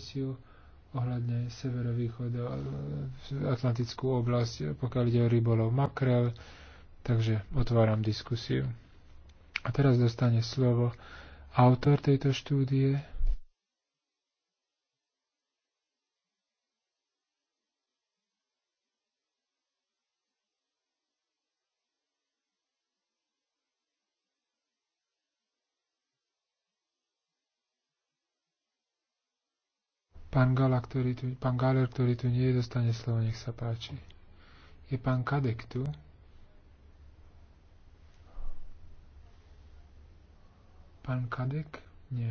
komisiu ohľadne severovýchod eh, Atlantickú oblasť, pokiaľ ide o rybolov makrel, takže otváram diskusiu. A teraz dostane slovo autor tejto štúdie, Pán, Gala, ktorý tu, pán Galer, ktorý tu nie je, dostane slovo, nech sa páči. Je pán Kadek tu? Pán Kadek? Nie.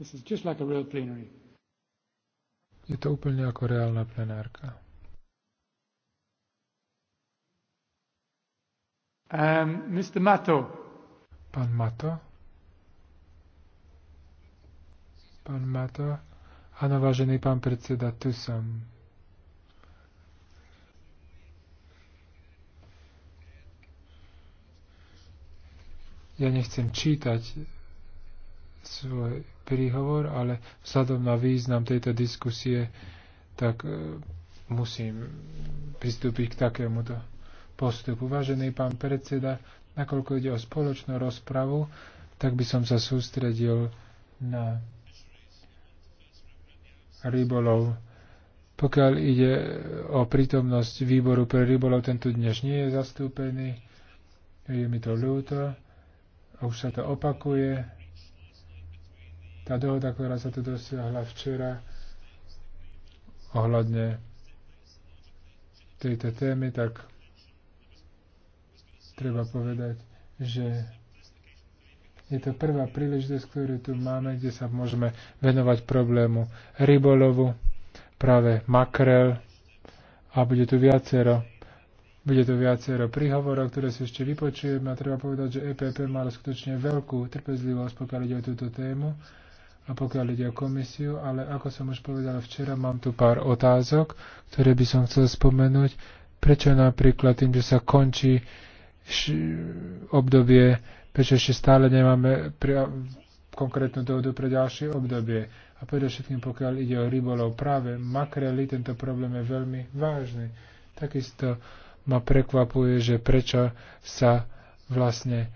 This is just like a real plenary. Je to úplne ako reálna plenárka. Um, Mr. Mato. Pán Mato? Pán Mato. Áno, vážený pán predseda, tu som. Ja nechcem čítať svoj príhovor, ale vzhľadom na význam tejto diskusie, tak e, musím pristúpiť k takémuto postupu. Vážený pán predseda, nakoľko ide o spoločnú rozpravu, tak by som sa sústredil na rybolov. Pokiaľ ide o prítomnosť výboru pre rybolov, tento dnes nie je zastúpený. Je mi to ľúto. A už sa to opakuje. Tá dohoda, ktorá sa tu dosiahla včera ohľadne tejto témy, tak treba povedať, že je to prvá príležitosť, ktorú tu máme, kde sa môžeme venovať problému rybolovu, práve makrel a bude tu viacero bude tu viacero príhovorov, ktoré si ešte vypočujeme a treba povedať, že EPP má skutočne veľkú trpezlivosť, pokiaľ ide o túto tému a pokiaľ ide o komisiu, ale ako som už povedal včera, mám tu pár otázok, ktoré by som chcel spomenúť. Prečo napríklad tým, že sa končí obdobie prečo ešte stále nemáme konkrétnu dohodu pre ďalšie obdobie. A predovšetkým, pokiaľ ide o rybolov práve makrely, tento problém je veľmi vážny. Takisto ma prekvapuje, že prečo sa vlastne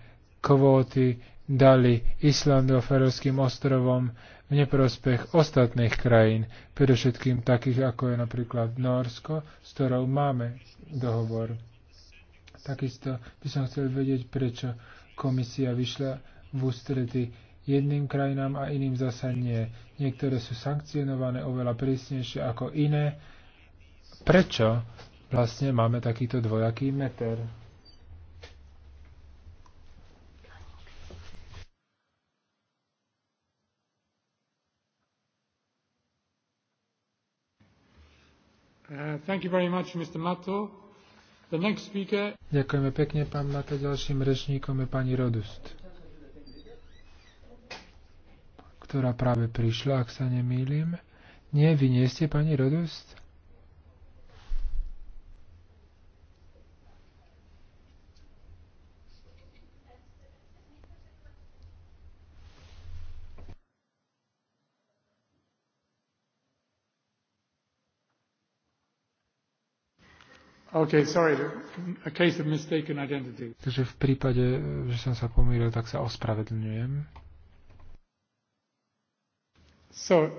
kvóty dali Islandu a Ferovským ostrovom v neprospech ostatných krajín, predovšetkým takých ako je napríklad Norsko, s ktorou máme dohovor. Takisto by som chcel vedieť, prečo komisia vyšla v ústrety jedným krajinám a iným zasa nie. Niektoré sú sankcionované oveľa prísnejšie ako iné. Prečo vlastne máme takýto dvojaký meter? Uh, thank you very much, Mr. Mato. Speaker... Ďakujeme pekne, pán Mata. Ďalším rečníkom je pani Rodust, ktorá práve prišla, ak sa nemýlim. Nie, vy nie ste pani Rodust? Okay, sorry, a case of mistaken identity. Takže v prípade, že som sa pomýlil, tak sa ospravedlňujem. So,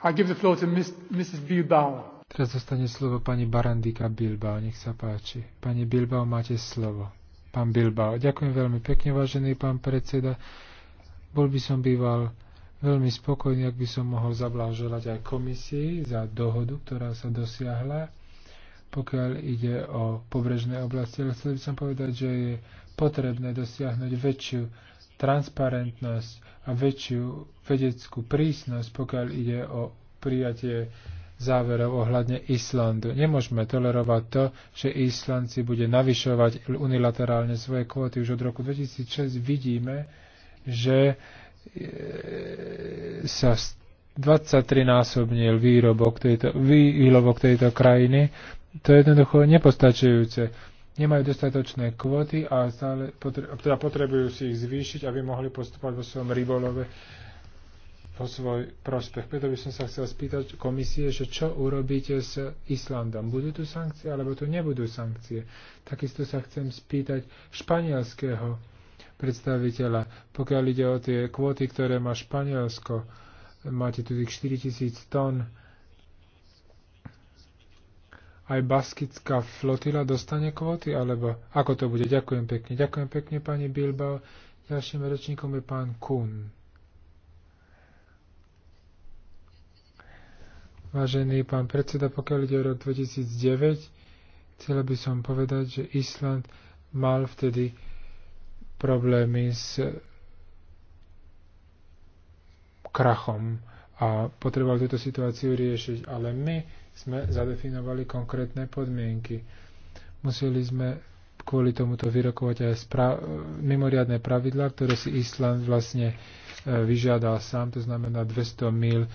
I give the floor to Miss, Mrs. Bilbao. Teraz zostane slovo pani Barandika Bilbao, nech sa páči. Pani Bilbao, máte slovo. Pán Bilbao, ďakujem veľmi pekne, vážený pán predseda. Bol by som býval veľmi spokojný, ak by som mohol zablážovať aj komisii za dohodu, ktorá sa dosiahla pokiaľ ide o pobrežné oblasti, ale chcel by som povedať, že je potrebné dosiahnuť väčšiu transparentnosť a väčšiu vedeckú prísnosť, pokiaľ ide o prijatie záverov ohľadne Islandu. Nemôžeme tolerovať to, že Island si bude navyšovať unilaterálne svoje kvóty. Už od roku 2006 vidíme, že e, sa 23 násobnil výrobok tejto, výrobok tejto krajiny to je jednoducho nepostačujúce. Nemajú dostatočné kvóty a stále potre- teda potrebujú si ich zvýšiť, aby mohli postupovať vo svojom rybolove po svoj prospech. Preto by som sa chcel spýtať komisie, že čo urobíte s Islandom. Budú tu sankcie, alebo tu nebudú sankcie? Takisto sa chcem spýtať španielského predstaviteľa, pokiaľ ide o tie kvóty, ktoré má Španielsko. Máte tu tých 4000 tón aj baskická flotila dostane kvóty, alebo ako to bude? Ďakujem pekne. Ďakujem pekne, pani Bilbao. Ďalším rečníkom je pán Kun. Vážený pán predseda, pokiaľ ide o rok 2009, chcela by som povedať, že Island mal vtedy problémy s krachom a potreboval túto situáciu riešiť. Ale my sme zadefinovali konkrétne podmienky. Museli sme kvôli tomuto vyrokovať aj spra- mimoriadne pravidlá, ktoré si Island vlastne e, vyžiadal sám, to znamená 200 mil e,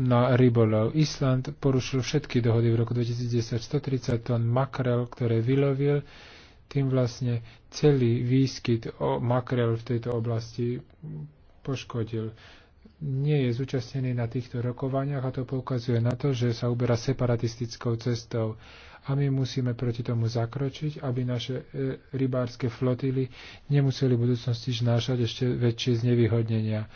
na rybolov. Island porušil všetky dohody v roku 2010, 130 tón makrel, ktoré vylovil, tým vlastne celý výskyt makrel v tejto oblasti poškodil nie je zúčastnený na týchto rokovaniach a to poukazuje na to, že sa uberá separatistickou cestou. A my musíme proti tomu zakročiť, aby naše e, rybárske flotily nemuseli v budúcnosti znášať ešte väčšie znevýhodnenia.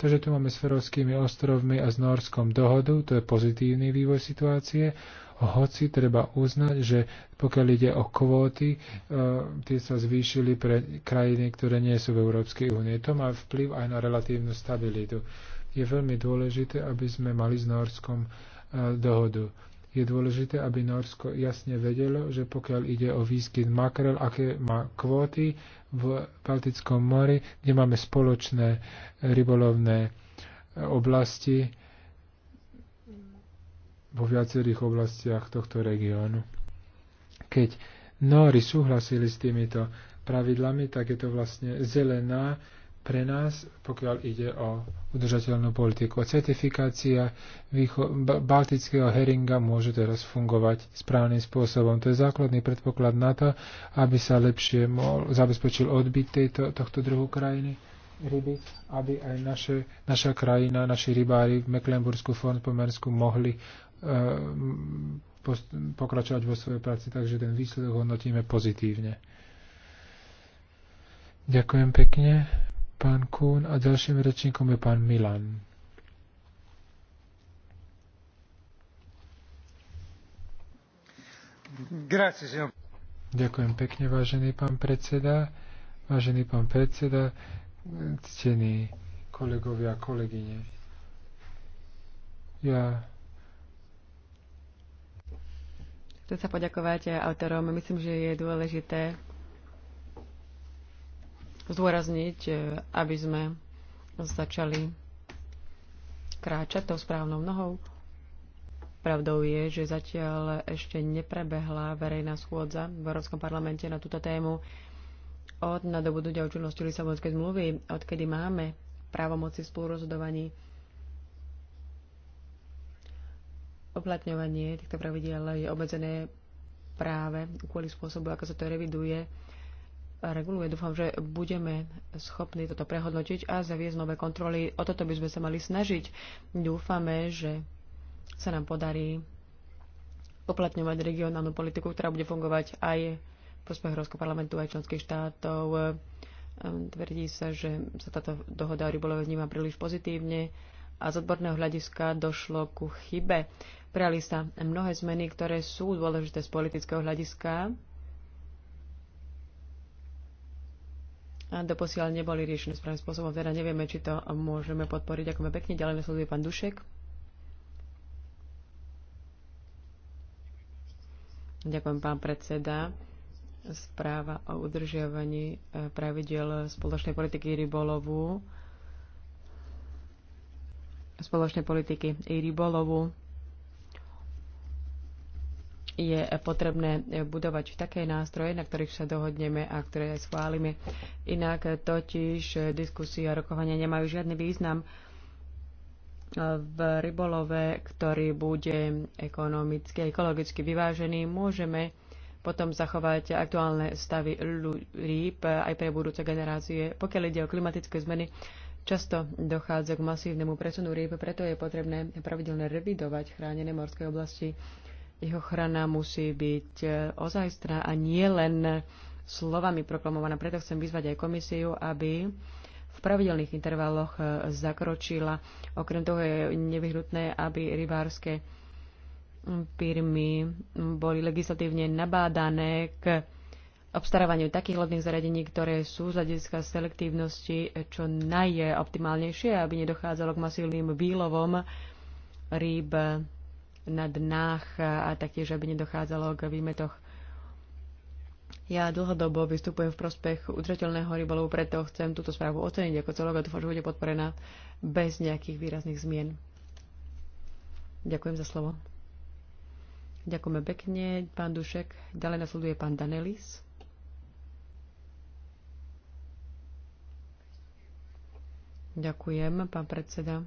Takže tu máme s Ferovskými ostrovmi a s Norskom dohodu, to je pozitívny vývoj situácie, hoci treba uznať, že pokiaľ ide o kvóty, e, tie sa zvýšili pre krajiny, ktoré nie sú v Európskej únie. To má vplyv aj na relatívnu stabilitu. Je veľmi dôležité, aby sme mali s Norskom e, dohodu. Je dôležité, aby Norsko jasne vedelo, že pokiaľ ide o výskyt makrel, aké má kvóty v Baltickom mori, kde máme spoločné e, rybolovné e, oblasti vo viacerých oblastiach tohto regiónu. Keď Nóri súhlasili s týmito pravidlami, tak je to vlastne zelená pre nás, pokiaľ ide o udržateľnú politiku. certifikácia baltického heringa môže teraz fungovať správnym spôsobom. To je základný predpoklad na to, aby sa lepšie mohol, zabezpečil odbyt tejto, tohto druhu krajiny ryby, aby aj naše, naša krajina, naši rybári v Mecklenburgsku, Fornpomersku mohli uh, pokračovať vo svojej práci, takže ten výsledok hodnotíme pozitívne. Ďakujem pekne pán Kuhn a ďalším rečníkom je pán Milan. Grazie, Ďakujem pekne, vážený pán predseda. Vážený pán predseda, ctení kolegovia a kolegyne. Ja Chcem sa poďakovať autorom. Myslím, že je dôležité zdôrazniť, e, aby sme začali kráčať tou správnou nohou. Pravdou je, že zatiaľ ešte neprebehla verejná schôdza v Európskom parlamente na túto tému od nadobudnutia účinnosti Lisabonskej zmluvy, odkedy máme právomoci v spolurozhodovaní. Oplatňovanie týchto pravidiel je obmedzené práve kvôli spôsobu, ako sa to reviduje reguluje. Dúfam, že budeme schopní toto prehodnotiť a zaviesť nové kontroly. O toto by sme sa mali snažiť. Dúfame, že sa nám podarí uplatňovať regionálnu politiku, ktorá bude fungovať aj v prospech Európskeho parlamentu, aj členských štátov. Ehm, tvrdí sa, že sa táto dohoda o rybolove vníma príliš pozitívne a z odborného hľadiska došlo ku chybe. Prijali sa mnohé zmeny, ktoré sú dôležité z politického hľadiska, doposiaľ neboli riešené správnym spôsobom. Teda nevieme, či to môžeme podporiť. Ďakujeme pekne. Ďalej nasleduje pán Dušek. Ďakujem, pán predseda. Správa o udržiavaní eh, pravidel spoločnej politiky rybolovu spoločnej politiky i rybolovu je potrebné budovať také nástroje, na ktorých sa dohodneme a ktoré aj schválime. Inak totiž diskusie a rokovania nemajú žiadny význam v rybolove, ktorý bude ekonomicky a ekologicky vyvážený, môžeme potom zachovať aktuálne stavy rýb aj pre budúce generácie. Pokiaľ ide o klimatické zmeny, často dochádza k masívnemu presunu rýb, preto je potrebné pravidelne revidovať chránené morské oblasti. Jeho ochrana musí byť e, ozajstná a nie len slovami proklamovaná. Preto chcem vyzvať aj komisiu, aby v pravidelných intervaloch e, zakročila. Okrem toho je nevyhnutné, aby rybárske firmy boli legislatívne nabádané k obstarávaniu takých lodných zariadení, ktoré sú z hľadiska selektívnosti čo najoptimálnejšie, aby nedochádzalo k masívnym výlovom rýb na dnách a taktiež, aby nedochádzalo k výmetoch. Ja dlhodobo vystupujem v prospech udržateľného rybolovu, preto chcem túto správu oceniť ako celok a dúfam, že bude podporená bez nejakých výrazných zmien. Ďakujem za slovo. Ďakujeme pekne, pán Dušek. Ďalej nasleduje pán Danelis. Ďakujem, pán predseda.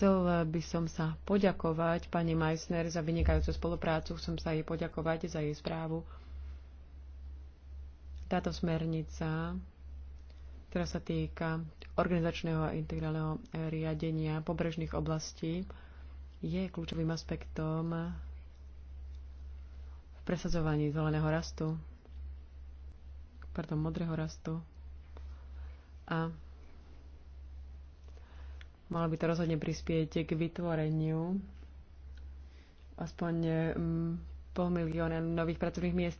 Chcel by som sa poďakovať pani Meissner za vynikajúcu spoluprácu. Chcem sa jej poďakovať za jej správu. Táto smernica, ktorá sa týka organizačného a integrálneho riadenia pobrežných oblastí, je kľúčovým aspektom v presadzovaní zeleného rastu, pardon, modrého rastu a Malo by to rozhodne prispieť k vytvoreniu aspoň mm, pol milióna nových pracovných miest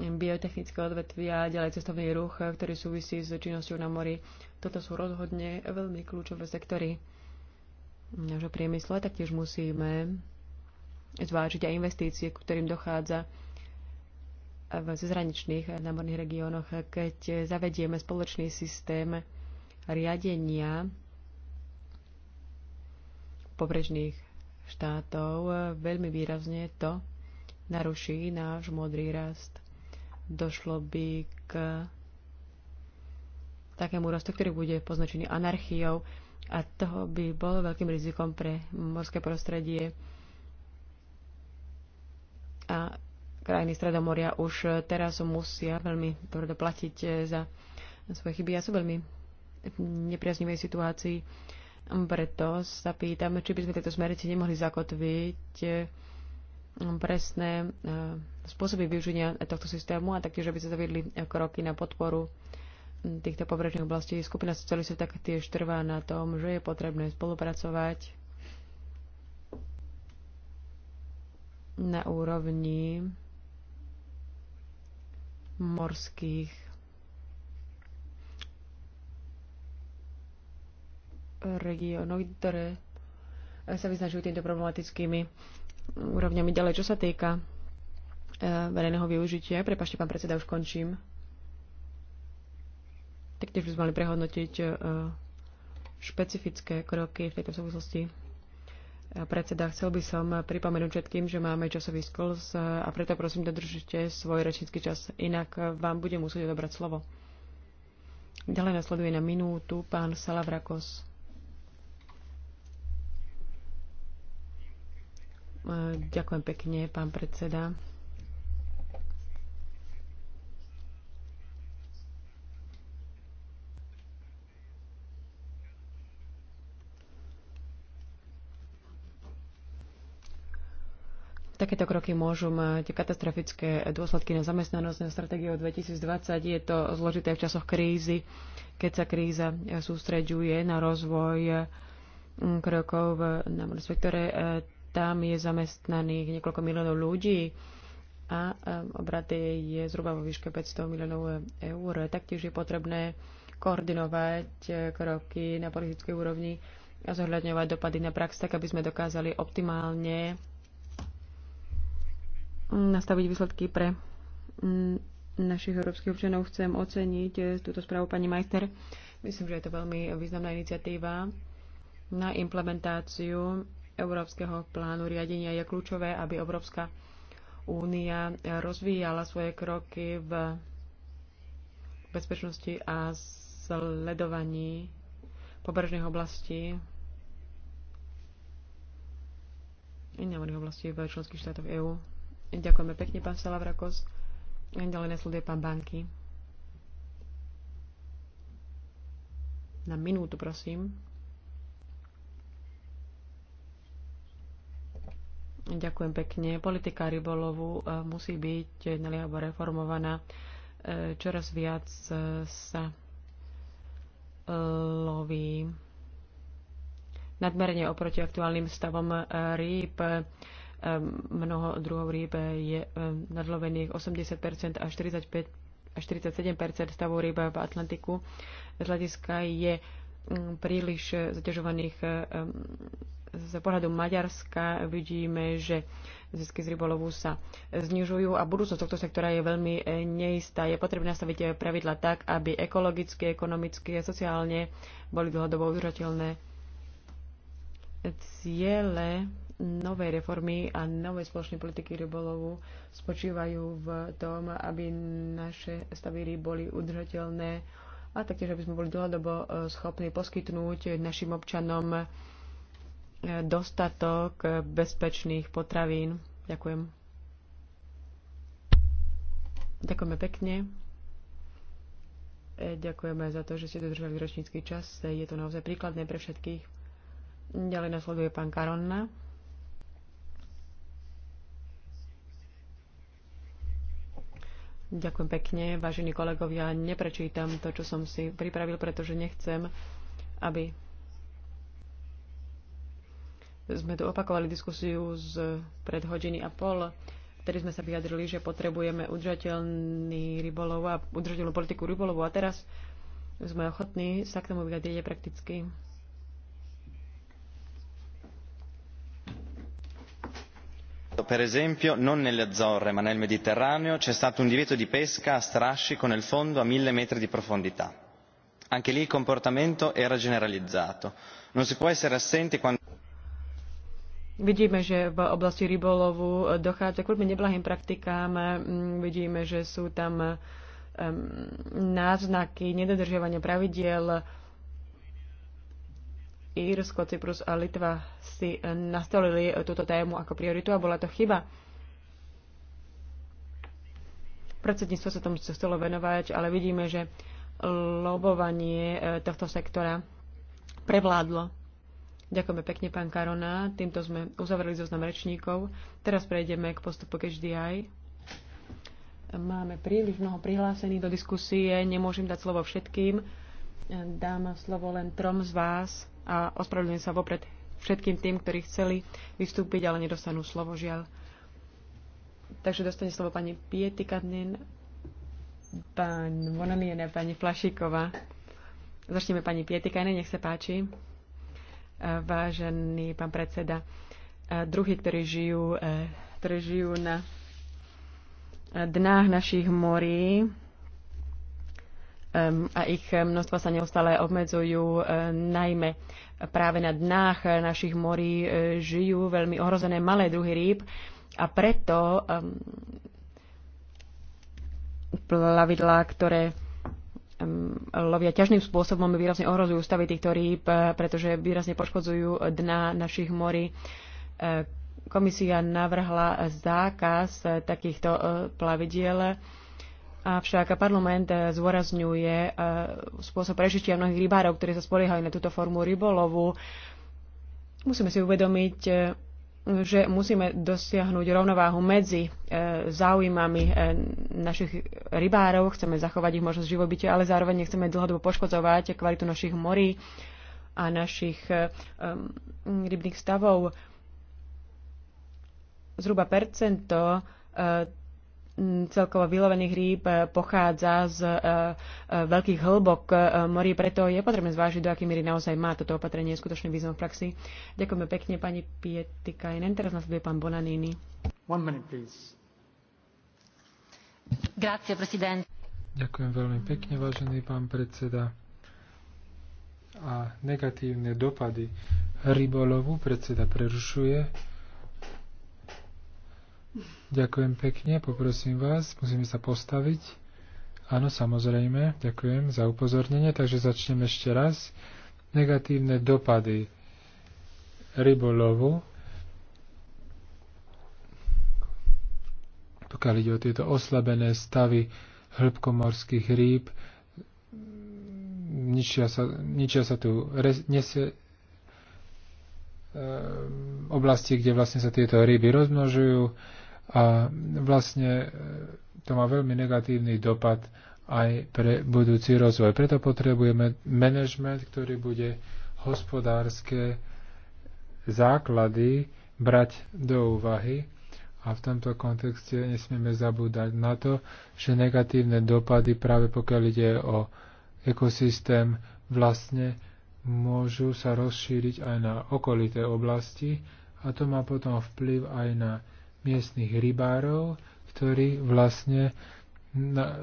mm, biotechnické odvetvia, a ďalej cestovný ruch, ktorý súvisí s činnosťou na mori. Toto sú rozhodne veľmi kľúčové sektory nášho priemyslu a taktiež musíme zvážiť aj investície, ku ktorým dochádza v cezhraničných námorných regiónoch, keď zavedieme spoločný systém riadenia pobrežných štátov e, veľmi výrazne to naruší náš modrý rast. Došlo by k takému rastu, ktorý bude poznačený anarchiou a toho by bolo veľkým rizikom pre morské prostredie. A krajiny Stredomoria už teraz musia veľmi tvrdo platiť e, za svoje chyby a sú veľmi nepriaznivej situácii preto sa pýtame, či by sme tieto smernice nemohli zakotviť e, presné e, spôsoby využenia tohto systému a taktiež, aby sa zaviedli kroky na podporu týchto pobrežných oblastí. Skupina socialistov taktiež trvá na tom, že je potrebné spolupracovať na úrovni morských regiónoch, ktoré sa vyznačujú týmto problematickými úrovňami. Ďalej, čo sa týka e, verejného využitia, prepašte, pán predseda, už končím. Taktiež by sme mali prehodnotiť e, špecifické kroky v tejto súvislosti. E, predseda, chcel by som pripomenúť všetkým, že máme časový skls a preto prosím, dodržite svoj rečnícky čas, inak vám bude musieť odobrať slovo. Ďalej nasleduje na minútu pán Salavrakos. E, ďakujem pekne, pán predseda. Takéto kroky môžu mať katastrofické dôsledky na zamestnanosť na stratégiu 2020. Je to zložité v časoch krízy, keď sa kríza sústreďuje na rozvoj krokov na sektore. Tam je zamestnaných niekoľko miliónov ľudí a obrat je zhruba vo výške 500 miliónov eur. Taktiež je potrebné koordinovať e, kroky na politickej úrovni a zohľadňovať dopady na prax, tak aby sme dokázali optimálne nastaviť výsledky pre našich európskych občanov. Chcem oceniť e, túto správu pani Majster. Myslím, že je to veľmi významná iniciatíva na implementáciu Európskeho plánu riadenia je kľúčové, aby Európska únia rozvíjala svoje kroky v bezpečnosti a sledovaní pobrežných oblastí i námorných v členských štátoch EÚ. Ďakujeme pekne, pán Salavrakos. Ďalej nasleduje pán Banky. Na minútu, prosím. Ďakujem pekne. Politika rybolovu e, musí byť naliehavo reformovaná. E, čoraz viac e, sa loví nadmerne oproti aktuálnym stavom rýb. Mnoho druhov rýb je nadlovených 80 až 45 až 47 stavov rýb v Atlantiku. Z hľadiska je príliš zaťažovaných z pohľadu Maďarska vidíme, že zisky z rybolovu sa znižujú a budúcnosť tohto sektora je veľmi e, neistá. Je potrebné nastaviť e, pravidla tak, aby ekologicky, ekonomicky a sociálne boli dlhodobo udržateľné. Ciele novej reformy a novej spoločnej politiky rybolovu spočívajú v tom, aby naše staviry boli udržateľné a taktiež, aby sme boli dlhodobo e, schopní poskytnúť našim občanom dostatok bezpečných potravín. Ďakujem. Ďakujeme pekne. E, Ďakujeme za to, že ste dodržali ročnícky čas. E, je to naozaj príkladné pre všetkých. Ďalej nasleduje pán Karonna. Ďakujem pekne, vážení kolegovia. Neprečítam to, čo som si pripravil, pretože nechcem, aby sme tu opakovali diskusiu z pred hodiny a pol, ktorý sme sa vyjadrili, že potrebujeme udržateľný rybolov a udržateľnú politiku rybolovu a teraz sme ochotní sa k tomu vyjadriť prakticky. Per esempio, non nelle Azzorre ma nel Mediterraneo c'è stato un divieto di pesca a strascico nel fondo a mille metri di profondità. Anche lì il comportamento era generalizzato. Non si può essere assenti quando Vidíme, že v oblasti rybolovu eh, dochádza k veľmi neblahým praktikám. Mm, vidíme, že sú tam náznaky nedodržiavania pravidiel. Írsko, Cyprus a Litva si eh, nastolili eh, túto tému ako prioritu a bola to chyba. Predsedníctvo sa tomu chcelo venovať, ale vidíme, že lobovanie tohto sektora prevládlo Ďakujeme pekne, pán Karona. Týmto sme uzavreli zoznam rečníkov. Teraz prejdeme k postupu HDI. Máme príliš mnoho prihlásených do diskusie, nemôžem dať slovo všetkým. Dám slovo len trom z vás a ospravedlňujem sa vopred všetkým tým, ktorí chceli vystúpiť, ale nedostanú slovo, žiaľ. Takže dostane slovo pani Kadnin, pán Monomiene, pani Flašíková. Začneme pani Pietikajne, nech sa páči. Vážený pán predseda, eh, druhy, ktorí žijú, eh, ktorí žijú na dnách našich morí a ich množstva sa neustále obmedzujú, eh, najmä práve na dnách našich morí žijú veľmi ohrozené malé druhy rýb a preto plavidlá, ktoré lovia ťažným spôsobom výrazne ohrozujú stavy týchto rýb, e, pretože výrazne poškodzujú dna našich morí. E, komisia navrhla zákaz e, takýchto plavidiel, avšak parlament zdôrazňuje spôsob prežitia mnohých rybárov, ktorí sa spoliehajú na túto formu rybolovu. Musíme si uvedomiť, že musíme dosiahnuť rovnováhu medzi e, záujmami e, našich rybárov, chceme zachovať ich možnosť živobytia, ale zároveň nechceme dlhodobo poškodzovať kvalitu našich morí a našich e, rybných stavov. Zhruba percento celkovo vylovených rýb e, pochádza z e, e, veľkých hĺbok morí, preto je potrebné zvážiť, do aký miery naozaj má toto opatrenie skutočný význam v praxi. Ďakujeme pekne pani Pietikainen. Teraz nasleduje pán Bonanini. One minute, please. Grazie, president. Ďakujem veľmi pekne, vážený pán predseda. A negatívne dopady rybolovu predseda prerušuje. Ďakujem pekne, poprosím vás, musíme sa postaviť. Áno, samozrejme, ďakujem za upozornenie, takže začnem ešte raz. Negatívne dopady rybolovu, pokiaľ ide o tieto oslabené stavy hĺbkomorských rýb, ničia sa, ničia sa tu res, nese, e, oblasti, kde vlastne sa tieto ryby rozmnožujú, a vlastne e, to má veľmi negatívny dopad aj pre budúci rozvoj. Preto potrebujeme management, ktorý bude hospodárske základy brať do úvahy a v tomto kontexte nesmieme zabúdať na to, že negatívne dopady práve pokiaľ ide o ekosystém vlastne môžu sa rozšíriť aj na okolité oblasti a to má potom vplyv aj na miestnych rybárov, ktorí vlastne na,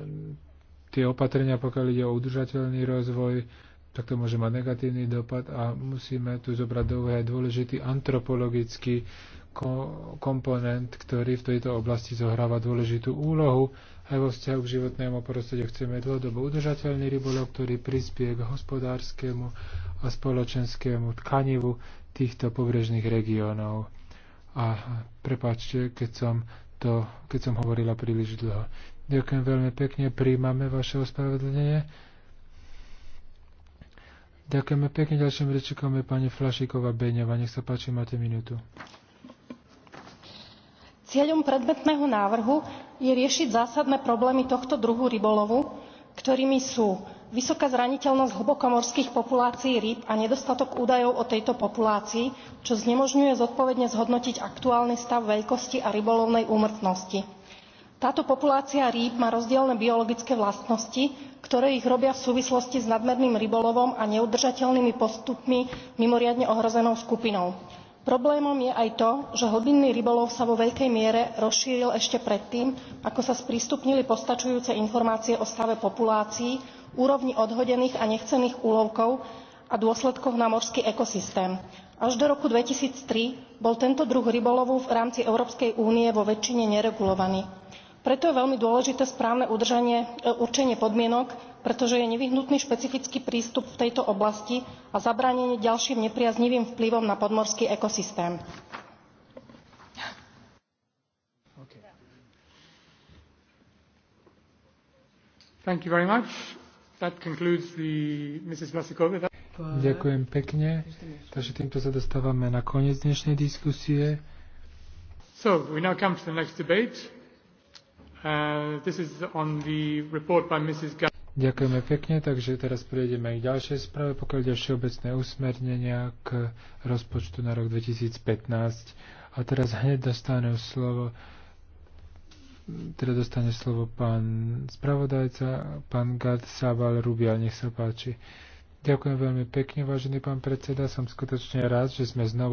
tie opatrenia, pokiaľ ide o udržateľný rozvoj, tak to môže mať negatívny dopad a musíme tu zobrať do úvahy dôležitý antropologický ko- komponent, ktorý v tejto oblasti zohráva dôležitú úlohu. Aj vo vzťahu k životnému prostrediu chceme dlhodobo udržateľný rybolov, ktorý prispie k hospodárskému a spoločenskému tkanivu týchto pobrežných regiónov. A prepáčte, keď som, to, keď som hovorila príliš dlho. Ďakujem veľmi pekne, príjmame vaše ospravedlenie. Ďakujeme pekne, ďalším rečikom je pani Flašíková Beňová. Nech sa páči, máte minútu. Cieľom predmetného návrhu je riešiť zásadné problémy tohto druhu rybolovu, ktorými sú vysoká zraniteľnosť hlbokomorských populácií rýb a nedostatok údajov o tejto populácii, čo znemožňuje zodpovedne zhodnotiť aktuálny stav veľkosti a rybolovnej úmrtnosti. Táto populácia rýb má rozdielne biologické vlastnosti, ktoré ich robia v súvislosti s nadmerným rybolovom a neudržateľnými postupmi mimoriadne ohrozenou skupinou. Problémom je aj to, že hlbinný rybolov sa vo veľkej miere rozšíril ešte predtým, ako sa sprístupnili postačujúce informácie o stave populácií, úrovni odhodených a nechcených úlovkov a dôsledkoch na morský ekosystém. Až do roku 2003 bol tento druh rybolovu v rámci Európskej únie vo väčšine neregulovaný. Preto je veľmi dôležité správne udržanie, e, určenie podmienok, pretože je nevyhnutný špecifický prístup v tejto oblasti a zabránenie ďalším nepriaznivým vplyvom na podmorský ekosystém. Okay. That concludes the Mrs. Vlasikova. Ďakujem pekne. Takže týmto sa dostávame na koniec dnešnej diskusie. So, we now come to the next debate. Uh, this is on the report by Mrs. Gall. Ďakujeme pekne, takže teraz prejdeme k ďalšej správe, pokiaľ ide všeobecné usmernenia k rozpočtu na rok 2015. A teraz hneď dostanú slovo teda dostane slovo pán spravodajca, pán Gad Saval Rubial, nech sa páči. Ďakujem veľmi pekne, vážený pán predseda, som skutočne rád, že sme znovu